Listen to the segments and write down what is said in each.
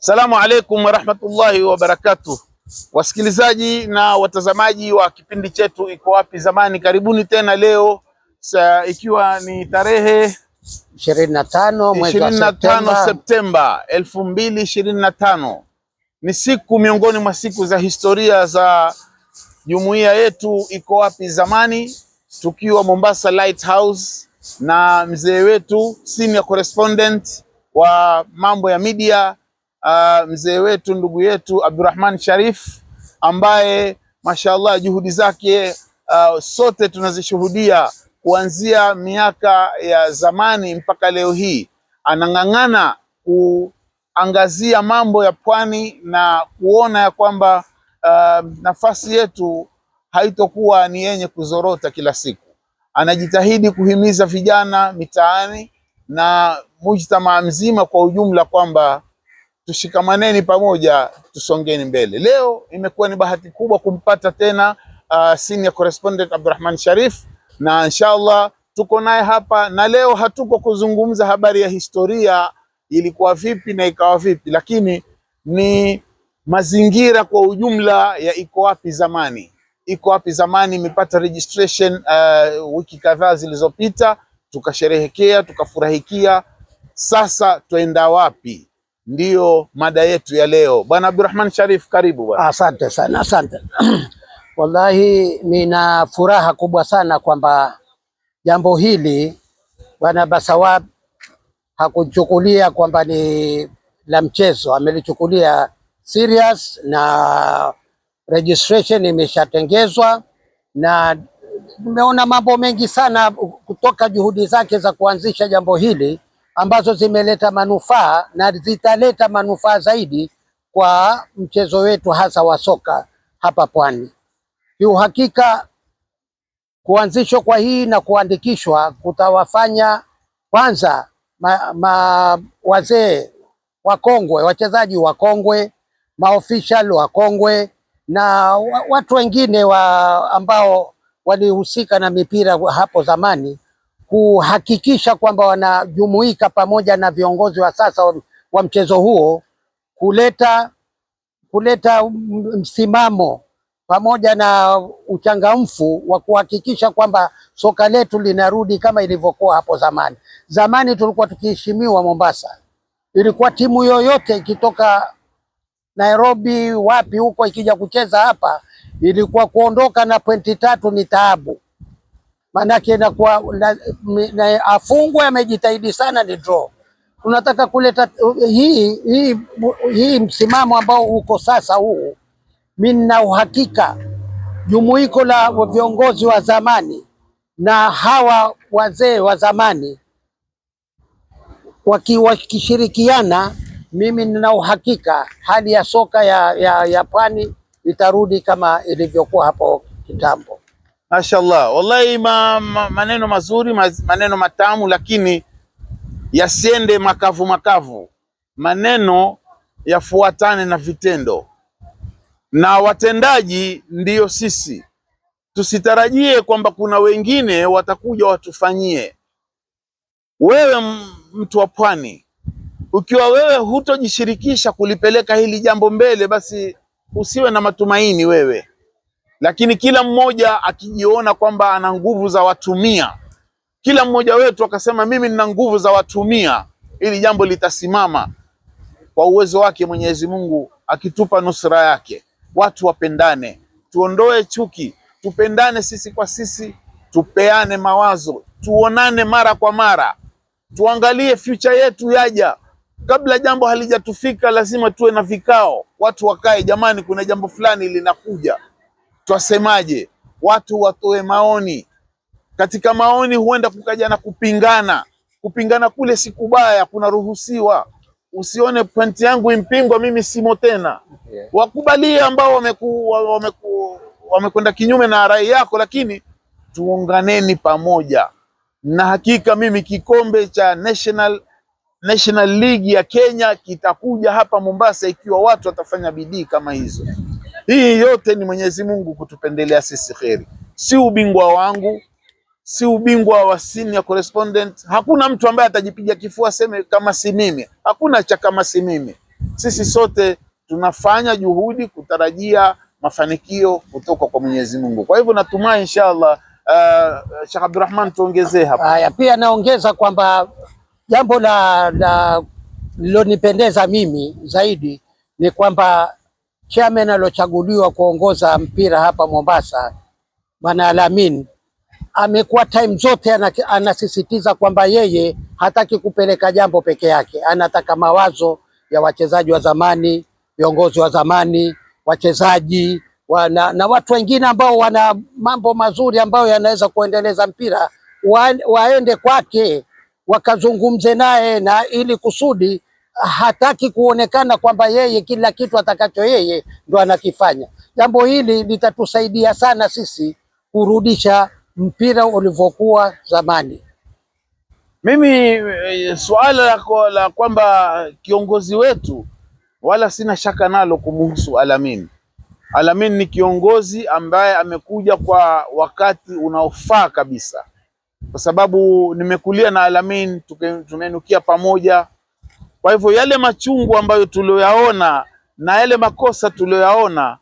Salamu alaikum warahmatullahi wabarakatuh, wasikilizaji na watazamaji wa kipindi chetu Iko Wapi Zamani, karibuni tena leo sa, ikiwa ni tarehe 25 mwezi wa Septemba, Septemba elfu mbili ishirini na tano. Ni siku miongoni mwa siku za historia za jumuiya yetu Iko Wapi Zamani, tukiwa Mombasa Lighthouse na mzee wetu senior correspondent wa mambo ya media uh, mzee wetu ndugu yetu Abdurrahman Sharif ambaye mashaallah juhudi zake uh, sote tunazishuhudia kuanzia miaka ya zamani mpaka leo hii, anang'ang'ana kuangazia mambo ya pwani na kuona ya kwamba uh, nafasi yetu haitokuwa ni yenye kuzorota kila siku. Anajitahidi kuhimiza vijana mitaani na mujtamaa mzima kwa ujumla kwamba tushikamaneni pamoja, tusongeni mbele. Leo imekuwa ni bahati kubwa kumpata tena uh, senior correspondent Abdurrahman Sharif na inshallah tuko naye hapa, na leo hatuko kuzungumza habari ya historia ilikuwa vipi na ikawa vipi, lakini ni mazingira kwa ujumla ya iko wapi zamani. Iko wapi zamani imepata registration uh, wiki kadhaa zilizopita tukasherehekea, tukafurahikia. Sasa twenda wapi? Ndiyo mada yetu ya leo. Bwana Abdurrahman Sharif, karibu bwana. Asante sana, asante wallahi, nina furaha kubwa sana kwamba jambo hili bwana Basawab hakuchukulia kwamba ni la mchezo, amelichukulia serious na registration imeshatengezwa na tumeona mambo mengi sana kutoka juhudi zake za kuanzisha jambo hili ambazo zimeleta manufaa na zitaleta manufaa zaidi kwa mchezo wetu hasa wa soka hapa Pwani. Kiuhakika, kuanzishwa kwa hii na kuandikishwa kutawafanya kwanza ma, ma, wazee wakongwe, wachezaji wakongwe, maofficial wakongwe na watu wengine wa ambao walihusika na mipira hapo zamani kuhakikisha kwamba wanajumuika pamoja na viongozi wa sasa wa, mchezo huo kuleta kuleta msimamo pamoja na uchangamfu wa kuhakikisha kwamba soka letu linarudi kama ilivyokuwa hapo zamani. Zamani tulikuwa tukiheshimiwa Mombasa, ilikuwa timu yoyote ikitoka Nairobi wapi huko ikija kucheza hapa ilikuwa kuondoka na pointi tatu ni taabu, maanake inakuwa na, na afungwe amejitahidi sana ni draw. Tunataka kuleta hii hii hii msimamo ambao uko sasa huu, mimi nina uhakika jumuiko la viongozi wa zamani na hawa wazee wa zamani wakishirikiana, waki mimi nina uhakika hali ya soka ya, ya, ya pwani itarudi kama ilivyokuwa hapo kitambo. Mashaallah, wallahi ma, ma, maneno mazuri ma, maneno matamu, lakini yasiende makavu makavu, maneno yafuatane na vitendo, na watendaji ndiyo sisi. Tusitarajie kwamba kuna wengine watakuja watufanyie. Wewe mtu wa pwani, ukiwa wewe hutojishirikisha kulipeleka hili jambo mbele, basi usiwe na matumaini wewe, lakini kila mmoja akijiona kwamba ana nguvu za watumia kila mmoja wetu akasema mimi nina nguvu za watumia ili jambo litasimama kwa uwezo wake Mwenyezi Mungu akitupa nusra yake. Watu wapendane, tuondoe chuki, tupendane sisi kwa sisi, tupeane mawazo, tuonane mara kwa mara, tuangalie future yetu yaja. Kabla jambo halijatufika lazima tuwe na vikao watu wakae, jamani, kuna jambo fulani linakuja, twasemaje? Watu watoe maoni. Katika maoni huenda kukaja na kupingana. Kupingana kule si kubaya, kunaruhusiwa. Usione pointi yangu impingwa, mimi simo tena. Yeah. Wakubalie ambao wameku wameku wamekwenda kinyume na rai yako, lakini tuunganeni pamoja, na hakika mimi kikombe cha national National League ya Kenya kitakuja hapa Mombasa ikiwa watu watafanya bidii kama hizo. Hii yote ni Mwenyezi Mungu kutupendelea sisi kheri, si ubingwa wangu, si ubingwa wa senior correspondent. Hakuna mtu ambaye atajipiga kifua aseme kama si mimi, hakuna cha kama si mimi. Sisi sote tunafanya juhudi kutarajia mafanikio kutoka kwa Mwenyezi Mungu. Kwa hivyo natumai inshallah, uh, Sheikh Abdulrahman tuongezee hapa. Haya, pia naongeza kwamba Jambo la lilonipendeza mimi zaidi ni kwamba chairman aliochaguliwa kuongoza mpira hapa Mombasa, Bwana Alamin amekuwa time zote anasisitiza kwamba yeye hataki kupeleka jambo peke yake, anataka mawazo ya wachezaji wa zamani, viongozi wa zamani, wachezaji na, na watu wengine ambao wana mambo mazuri ambayo yanaweza kuendeleza mpira wa, waende kwake wakazungumze naye, na ili kusudi hataki kuonekana kwamba yeye kila kitu atakacho yeye ndo anakifanya. Jambo hili litatusaidia sana sisi kurudisha mpira ulivyokuwa zamani. Mimi eh, suala la kwamba kiongozi wetu wala sina shaka nalo kumuhusu Alamin. Alamin ni kiongozi ambaye amekuja kwa wakati unaofaa kabisa kwa sababu nimekulia na Alamin, tumenukia pamoja. Kwa hivyo yale machungu ambayo tulioyaona na yale makosa tulioyaona,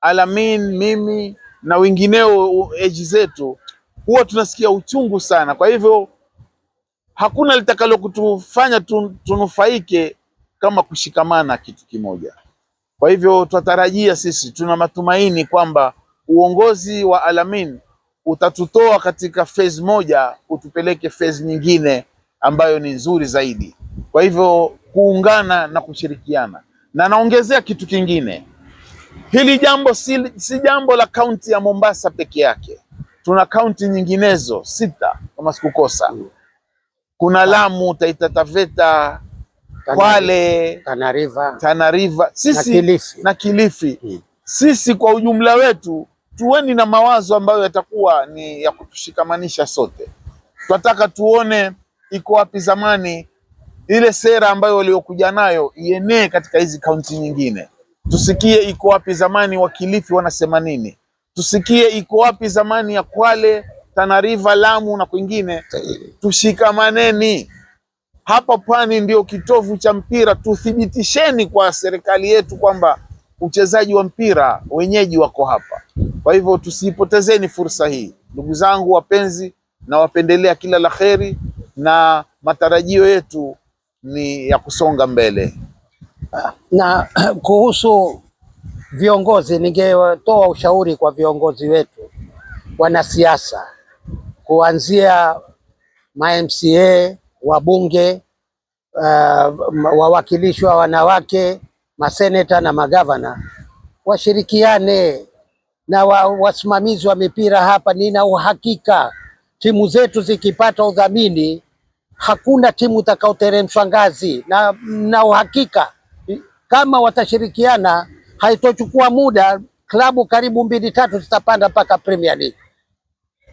Alamin, mimi na wengineo eji zetu, huwa tunasikia uchungu sana. Kwa hivyo hakuna litakalo kutufanya tunufaike kama kushikamana kitu kimoja. Kwa hivyo twatarajia sisi, tuna matumaini kwamba uongozi wa Alamin utatutoa katika phase moja utupeleke phase nyingine ambayo ni nzuri zaidi. Kwa hivyo kuungana na kushirikiana, na naongezea kitu kingine, hili jambo si, si jambo la kaunti ya Mombasa peke yake. Tuna kaunti nyinginezo sita kama sikukosa. Kuna Lamu, Taita Taveta, Kwale, Tana River, sisi na Kilifi, na Kilifi. Hmm. Sisi kwa ujumla wetu tuweni na mawazo ambayo yatakuwa ni ya kutushikamanisha sote. Tunataka tuone iko wapi zamani ile sera ambayo waliokuja nayo ienee katika hizi kaunti nyingine. Tusikie iko wapi zamani wakilifi wanasema nini, tusikie iko wapi zamani ya Kwale, Tana River, Lamu na kwingine. Tushikamaneni hapa, Pwani ndio kitovu cha mpira. Tuthibitisheni kwa serikali yetu kwamba uchezaji wa mpira wenyeji wako hapa. Kwa hivyo tusipotezeni fursa hii, ndugu zangu wapenzi, na wapendelea kila la kheri, na matarajio yetu ni ya kusonga mbele. Na kuhusu viongozi, ningetoa ushauri kwa viongozi wetu wanasiasa, kuanzia ma MCA, wabunge, uh, wawakilishi wa wanawake, maseneta na magavana washirikiane na wa, wasimamizi wa mipira hapa, nina uhakika timu zetu zikipata udhamini hakuna timu itakayoteremshwa ngazi, na na uhakika kama watashirikiana haitochukua muda, klabu karibu mbili tatu zitapanda mpaka Premier League.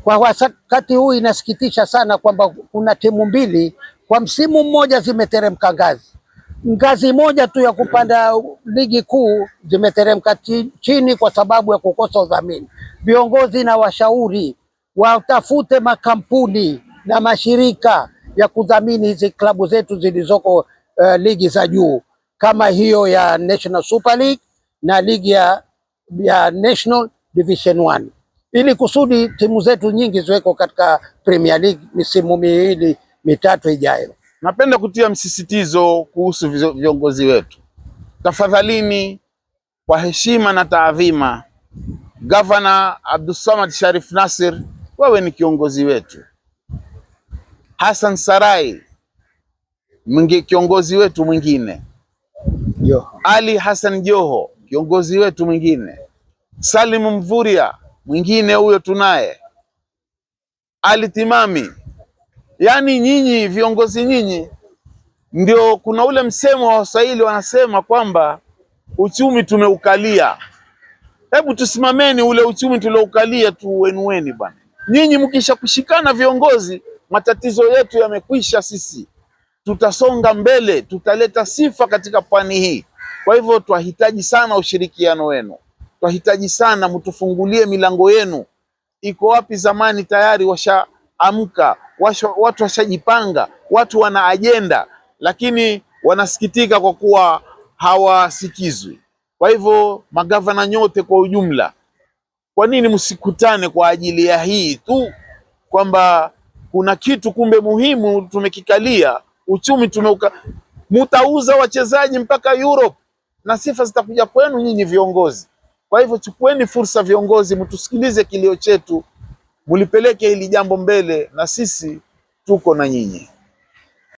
Kwa wakati huu inasikitisha sana kwamba kuna timu mbili kwa msimu mmoja zimeteremka ngazi ngazi moja tu ya kupanda ligi kuu zimeteremka chini kwa sababu ya kukosa udhamini. Viongozi na washauri watafute makampuni na mashirika ya kudhamini hizi klabu zetu zilizoko uh, ligi za juu kama hiyo ya National Super League na ligi ya, ya National Division One ili kusudi timu zetu nyingi ziweko katika Premier League misimu miwili mitatu ijayo. Napenda kutia msisitizo kuhusu viongozi wetu, tafadhalini, kwa heshima na taadhima, Gavana Abdulsamad Sharif Nassir, wewe ni kiongozi wetu. Hassan Sarai mwingi, kiongozi wetu mwingine. Joho. Ali Hassan Joho kiongozi wetu mwingine. Salim Mvurya mwingine, huyo tunaye. Ali Timami Yaani nyinyi viongozi nyinyi, ndio kuna ule msemo wa Waswahili wanasema kwamba uchumi tumeukalia. Hebu tusimameni ule uchumi tuloukalia, tuuenueni bwana. Nyinyi mkisha kushikana viongozi, matatizo yetu yamekwisha. Sisi tutasonga mbele, tutaleta sifa katika pwani hii. Kwa hivyo twahitaji sana ushirikiano wenu, twahitaji sana mtufungulie milango yenu. Iko wapi? Zamani tayari washa amka, watu washajipanga, watu wana ajenda, lakini wanasikitika kwa kuwa hawasikizwi. Kwa hivyo magavana nyote kwa ujumla, kwa nini msikutane kwa ajili ya hii tu kwamba kuna kitu kumbe muhimu tumekikalia, uchumi tumeuka, mutauza wachezaji mpaka Europe na sifa zitakuja kwenu nyinyi viongozi. Kwa hivyo chukueni fursa viongozi, mtusikilize kilio chetu mulipeleke hili jambo mbele, na sisi tuko na nyinyi.